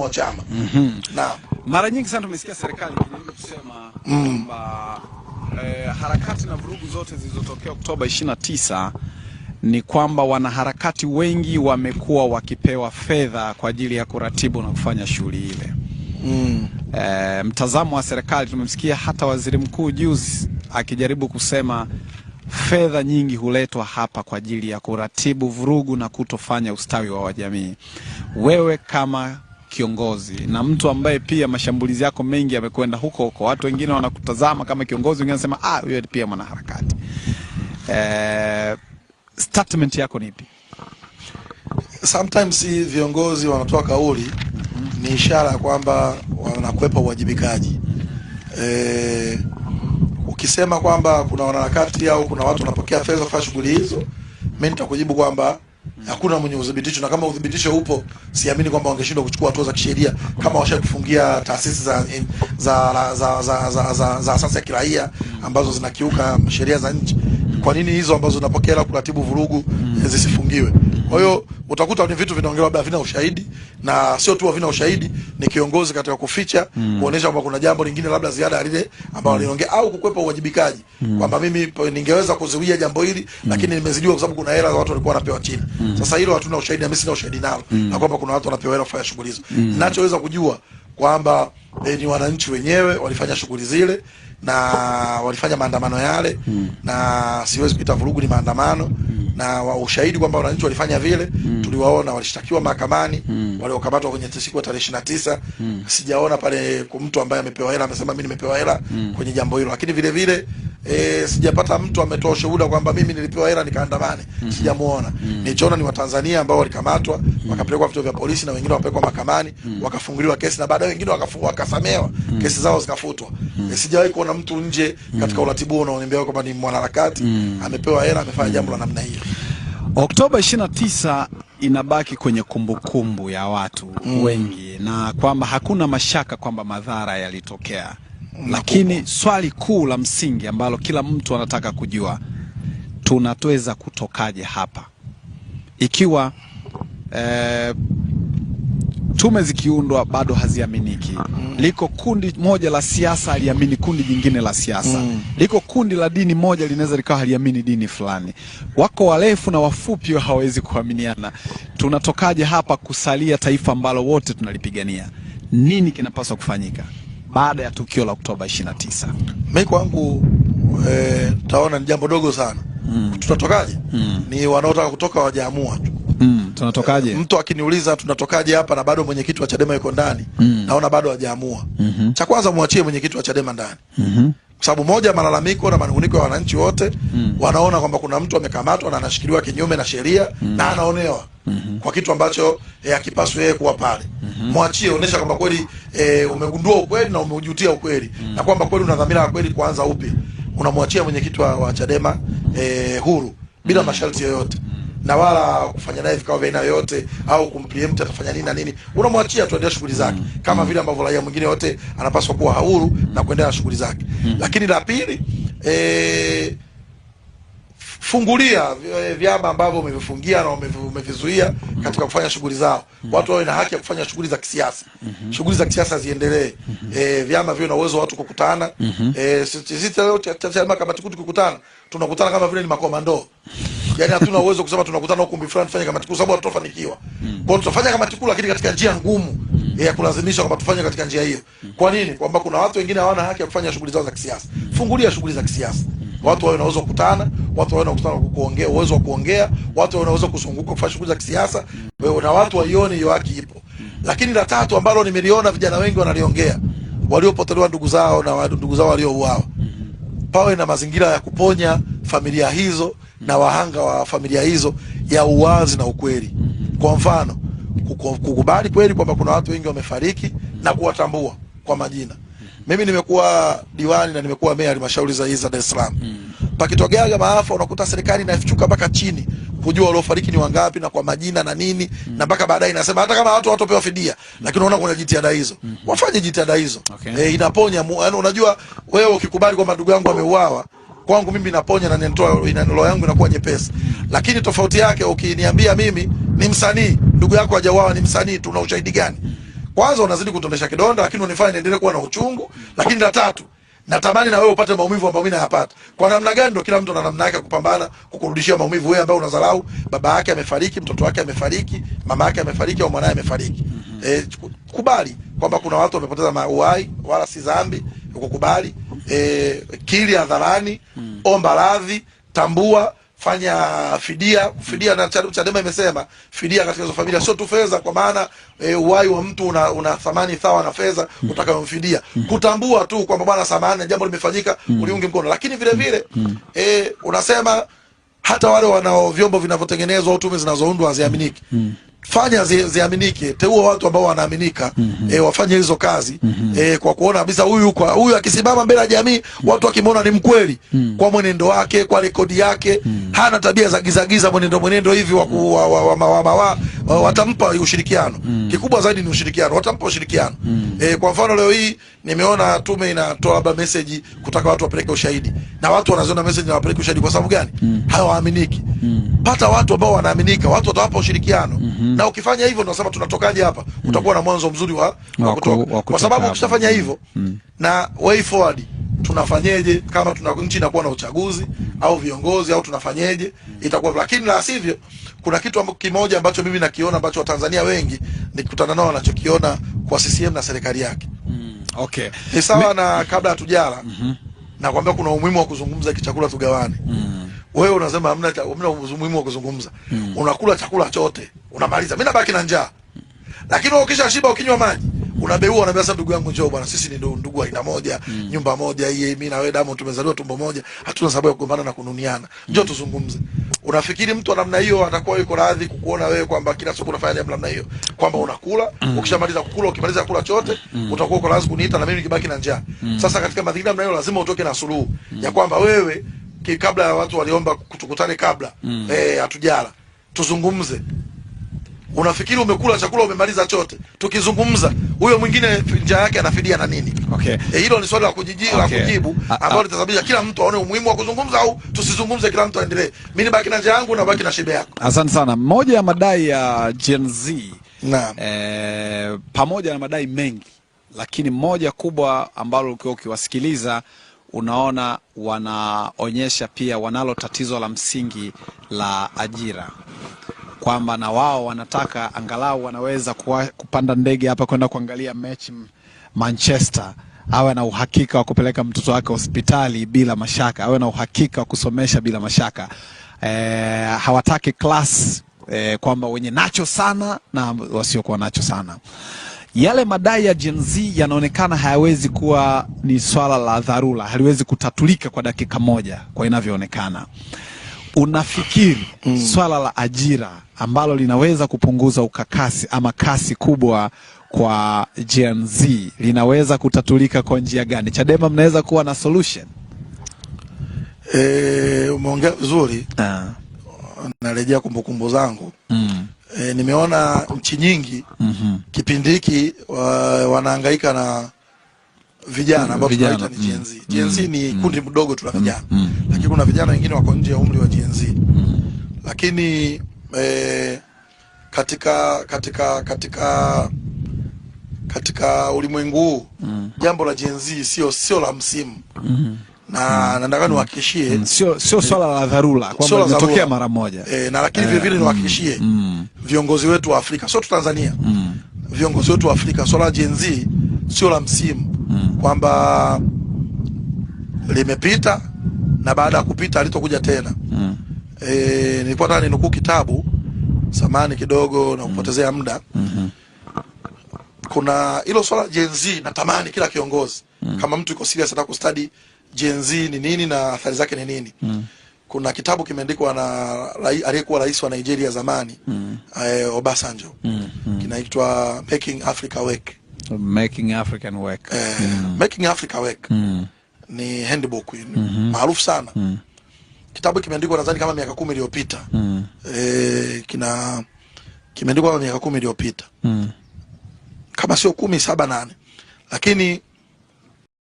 wa chama mm -hmm. na mara nyingi sana tumesikia serikali ikijaribu kusema mm. kwamba e, harakati na vurugu zote zilizotokea Oktoba 29 ni kwamba wanaharakati wengi wamekuwa wakipewa fedha kwa ajili ya kuratibu na kufanya shughuli ile. Mm. E, mtazamo wa serikali tumemsikia hata waziri mkuu juzi akijaribu kusema fedha nyingi huletwa hapa kwa ajili ya kuratibu vurugu na kutofanya ustawi wa wajamii. Wewe kama kiongozi na mtu ambaye pia mashambulizi yako mengi yamekwenda huko huko. Watu wengine wanakutazama kama kiongozi, wengine wanasema ah, huyo pia mwanaharakati. Eh, statement yako ni ipi? Sometimes viongozi wanatoa kauli mm -hmm. ni ishara ya kwamba wanakwepa uwajibikaji. Eh, ukisema kwamba kuna wanaharakati au kuna watu wanapokea fedha kwa shughuli hizo, mimi nitakujibu kwamba hakuna mwenye udhibitisho, na kama udhibitisho upo, siamini kwamba wangeshindwa kuchukua hatua za kisheria kama washakufungia taasisi za za za za za, za, za asasi ya kiraia ambazo zinakiuka sheria za nchi. Kwa nini hizo ambazo zinapokea kuratibu vurugu mm. zisifungiwe? Kwa hiyo utakuta ni vitu vinaongelewa labda havina ushahidi, na sio tu havina ushahidi, ni kiongozi katika kuficha mm. kuonesha kwamba kuna jambo lingine labda ziada ya lile ambalo aliongea hmm. mm. au kukwepa uwajibikaji mm. kwamba mimi ningeweza kuzuia jambo hili mm. lakini nimezidiwa kwa sababu kuna hela za watu walikuwa wanapewa chini mm. Sasa hilo hatuna ushahidi na mimi sina ushahidi nalo mm. na kwamba kuna watu wanapewa hela kufanya shughuli hizo mm. ninachoweza kujua kwamba eh, ni wananchi wenyewe walifanya shughuli zile na walifanya maandamano yale mm. na siwezi kuita vurugu, ni maandamano mm na wa ushahidi kwamba wananchi walifanya vile mm. tuliwaona walishtakiwa mahakamani mm. waliokamatwa kwenye siku ya tarehe 29 mm. sijaona pale mtu ambaye amepewa hela amesema mimi nimepewa hela mm. kwenye jambo hilo, lakini vile vile e, sijapata mtu ametoa ushuhuda kwamba mimi nilipewa hela nikaandamane. mm -hmm. Sijamuona. mm -hmm. Nichoona ni Watanzania ambao walikamatwa mm -hmm. wakapelekwa vituo vya polisi na wengine wapelekwa mahakamani mm -hmm. wakafunguliwa kesi na baadaye wengine wakafungwa wakasamewa mm -hmm. kesi zao zikafutwa. mm -hmm. E, sijawahi kuona mtu nje katika mhm. uratibu unaoniambia kwamba ni mwanaharakati mm -hmm. amepewa hela amefanya mhm. jambo la namna hiyo. Oktoba 29 inabaki kwenye kumbukumbu kumbu ya watu mm. wengi na kwamba hakuna mashaka kwamba madhara yalitokea. Lakini swali kuu la msingi ambalo kila mtu anataka kujua, tunaweza kutokaje hapa ikiwa eh, tume zikiundwa bado haziaminiki. Liko kundi moja la siasa aliamini kundi jingine la siasa mm. Liko kundi la dini moja linaweza likawa haliamini dini fulani. Wako warefu na wafupi hawawezi kuaminiana. Tunatokaje hapa kusalia taifa ambalo wote tunalipigania? Nini kinapaswa kufanyika? baada ya tukio la Oktoba 29? Mimi kwangu eh, taona ni jambo dogo sana. Mm. Tutatokaje? Mm. Ni wanaotaka kutoka wajaamua tu. Mm. Tunatokaje? Eh, mtu akiniuliza tunatokaje hapa na bado mwenyekiti wa Chadema yuko ndani, mm. naona bado hajaamua. Mm -hmm. Cha kwanza muachie mwenyekiti wa Chadema ndani. Mm -hmm. Kwa sababu moja, malalamiko na manunguniko ya wananchi wote mm. wanaona kwamba kuna mtu amekamatwa na anashikiliwa kinyume na sheria mm. na anaonewa mm -hmm. kwa kitu ambacho eh, akipaswa yeye kuwa pale mwachie, onyesha kwamba kweli e, umegundua ukweli na umeujutia ukweli mm. na kwamba kweli una dhamira ya kweli kuanza upya. Unamwachia mwenyekiti wa, wa Chadema e, huru bila mm. masharti yoyote na wala kufanya naye vikao vya aina yoyote au kumpreempt atafanya nini na nini, unamwachia tu shughuli zake mm. kama mm. vile ambavyo raia mwingine yote anapaswa kuwa huru mm. na kuendelea na shughuli zake mm. Lakini la pili eh fungulia eh, vyama ambavyo umevifungia na umevizuia katika kufanya shughuli zao. Watu wawe na haki ya kufanya shughuli za kisiasa, shughuli za kisiasa ziendelee. E, vyama viwe na uwezo watu kukutana. E, eh, sisi leo chama kamati kuu tukikutana, tunakutana kama vile ni makomando yani hatuna uwezo kusema tunakutana ukumbi fulani tufanye kamati kuu, sababu hatutafanikiwa. Mm. Kwa tutafanya kamati kuu, lakini katika njia ngumu ya eh, kulazimisha kwamba tufanye katika njia hiyo. Kwa nini? Kwamba kuna watu wengine hawana haki ya kufanya shughuli zao za kisiasa. Fungulia shughuli za kisiasa, watu wao wanaweza kukutana, watu wao wanakutana kuongea, uwezo wa kuongea, watu wao wanaweza kuzunguka kufanya shughuli za kisiasa, wewe na watu waione hiyo haki ipo. Lakini la tatu ambalo nimeliona vijana wengi wanaliongea, waliopotelewa ndugu zao na ndugu zao waliouawa, pawe na mazingira ya kuponya familia hizo na wahanga wa familia hizo ya uwazi na ukweli. Kwa mfano kukubali kweli kwamba kuna watu wengi wamefariki na kuwatambua kwa majina. Mimi nimekuwa diwani na nimekuwa meya halmashauri za hizi za Dar es Salaam. Mm. Pakitokeaga maafa unakuta serikali inafichuka mpaka chini kujua waliofariki ni wangapi na kwa majina na nini mm. na mpaka baadaye inasema hata kama watu watopewa fidia mm. lakini unaona kuna jitihada hizo mm. wafanye jitihada hizo okay. E, inaponya yaani, unajua wewe ukikubali kwamba ndugu yangu ameuawa kwangu mimi naponya na ninatoa inanilo yangu inakuwa nyepesi mm. lakini tofauti yake ukiniambia mimi ni msanii ndugu yako hajauawa ni msanii, tuna ushahidi gani? kwanza unazidi kutondesha kidonda, lakini unifanya niendelee kuwa na uchungu. Lakini la tatu, natamani na wewe upate maumivu ambayo mimi nayapata. Kwa namna gani? Ndio kila mtu ana namna yake kupambana kukurudishia maumivu wewe, ambaye unadharau baba yake amefariki, mtoto wake amefariki, mama yake amefariki, au mwanae amefariki. mm -hmm. E, kubali kwamba kuna watu wamepoteza mauai, wala si dhambi ukukubali. Mhm. E, eh, kili hadharani, mhm. omba radhi, tambua fanya fidia fidia, na Chadema imesema fidia katika hizo familia sio tu fedha, kwa maana e, uhai wa mtu una, una thamani sawa na fedha utakayomfidia kutambua tu kwamba bwana, samahani, jambo limefanyika uliunge mkono, lakini vile vile e, unasema hata wale wanao vyombo vinavyotengenezwa au tume zinazoundwa haziaminiki fanya ziaminike, teua watu ambao wanaaminika mm -hmm. E, wafanye hizo kazi mm -hmm. E, kwa kuona kabisa huyu kwa huyu akisimama mbele ya jamii mm -hmm. watu wakimwona ni mkweli mm -hmm. kwa mwenendo wake, kwa rekodi yake mm -hmm. hana tabia za gizagiza, mwenendo mwenendo hivi wa mhm. wa wa wa, wa, wa wa watampa ushirikiano mm -hmm. Kikubwa zaidi ni ushirikiano, watampa ushirikiano mm -hmm. E, kwa mfano leo hii nimeona tume inatoa labda message kutaka watu wapeleke ushahidi na watu wanaziona message na wapeleke ushahidi kwa sababu gani? mm -hmm. Hawaaminiki mm. Mm-hmm. pata watu ambao wanaaminika, watu watawapa ushirikiano mm -hmm. na ukifanya hivyo, nasema tunatokaje hapa mm. utakuwa na mwanzo mzuri wa, wa kutoka, kwa sababu ukishafanya hivyo mm. na way forward tunafanyeje kama tuna nchi inakuwa na uchaguzi au viongozi au tunafanyeje itakuwa, lakini la sivyo, kuna kitu ambacho kimoja ambacho mimi nakiona ambacho Watanzania wengi nikikutana nao wanachokiona kwa CCM na serikali yake mm, okay. ni sawa na kabla hatujala mm -hmm. nakwambia kuna umuhimu wa kuzungumza kichakula tugawane mm wewe unasema hamna hamna umuhimu wa kuzungumza mm. unakula chakula chote unamaliza, mimi nabaki na njaa mm. Lakini wewe ukisha shiba ukinywa maji unabeua, unaambia sasa, ndugu yangu, njoo bwana, sisi ni ndugu aina moja mm. nyumba moja hii, mimi na wewe damu tumezaliwa tumbo moja, hatuna sababu ya kugombana na kununiana, njoo hmm. tuzungumze. Unafikiri mtu wa namna hiyo atakuwa yuko radhi kukuona wewe kwamba kila siku unafanya jambo namna hiyo, kwamba unakula mm. ukishamaliza kukula, ukimaliza kula chote mm. utakuwa uko radhi kuniita na mimi nikibaki na njaa mm. Sasa katika madhila namna hiyo, lazima utoke na suluhu mm. ya hmm. kwamba wewe kabla ya watu waliomba tukutane kabla mm. eh, hatujala tuzungumze. Unafikiri umekula chakula umemaliza chote, tukizungumza huyo mwingine njia yake anafidia na nini? Okay. Eh, hilo ni swali la kujiji la okay. kujibu ambalo litasababisha kila mtu aone umuhimu wa kuzungumza au tusizungumze, kila mtu aendelee. Mimi nibaki na njia yangu na baki na shibe yako. Asante sana. Moja ya madai ya Gen Z na e, eh, pamoja na madai mengi, lakini moja kubwa ambalo ukiwa ukiwasikiliza unaona wanaonyesha pia wanalo tatizo la msingi la ajira, kwamba na wao wanataka angalau wanaweza kuwa, kupanda ndege hapa kwenda kuangalia mechi Manchester awe na uhakika wa kupeleka mtoto wake hospitali bila mashaka, awe na uhakika wa kusomesha bila mashaka. E, hawataki class e, kwamba wenye nacho sana na wasiokuwa nacho sana yale madai ya Gen Z yanaonekana hayawezi kuwa ni swala la dharura, haliwezi kutatulika kwa dakika moja kwa inavyoonekana. Unafikiri mm. swala la ajira ambalo linaweza kupunguza ukakasi ama kasi kubwa kwa Gen Z linaweza kutatulika kwa njia gani? Chadema mnaweza kuwa na solution? E, umeongea vizuri. Ah. Narejea kumbukumbu zangu mm e, nimeona nchi nyingi mm -hmm. kipindi hiki wa, wanahangaika na vijana ambao tunaita ni Gen Z. Mm. Gen Z ni mm. kundi mdogo tu la mm. vijana mm -hmm. lakini kuna vijana wengine wako nje ya umri wa Gen Z mm -hmm. lakini e, katika katika katika katika ulimwengu huu mm -hmm. jambo la Gen Z sio sio la msimu mm -hmm na mm. nataka niwahakikishie mm. sio sio swala la dharura kwamba limetokea mara moja e, na lakini vile vile eh, niwahakikishie mm, mm. viongozi wetu wa Afrika sio tu Tanzania mm. viongozi wetu wa Afrika swala la Gen Z sio la msimu mm. kwamba limepita na baada ya kupita alitokuja tena mm. e, nilikuwa nataka ninukuu kitabu samani kidogo na mm. kupotezea muda mm -hmm. kuna hilo swala Gen Z natamani kila kiongozi mm. kama mtu yuko serious anataka kustadi Gen Z ni nini na athari zake ni nini mm. Kuna kitabu kimeandikwa na aliyekuwa rais wa Nigeria zamani mm. eh, Obasanjo mm. mm. kinaitwa Making Africa Work. Making African Work. Eh, mm. Making Africa Work mm. ni handbook mm -hmm. maarufu sana mm. Kitabu kimeandikwa nadhani kama miaka kumi iliyopita mm. eh, kina kimeandikwa kama miaka kumi iliyopita mm. kama sio kumi saba nane, lakini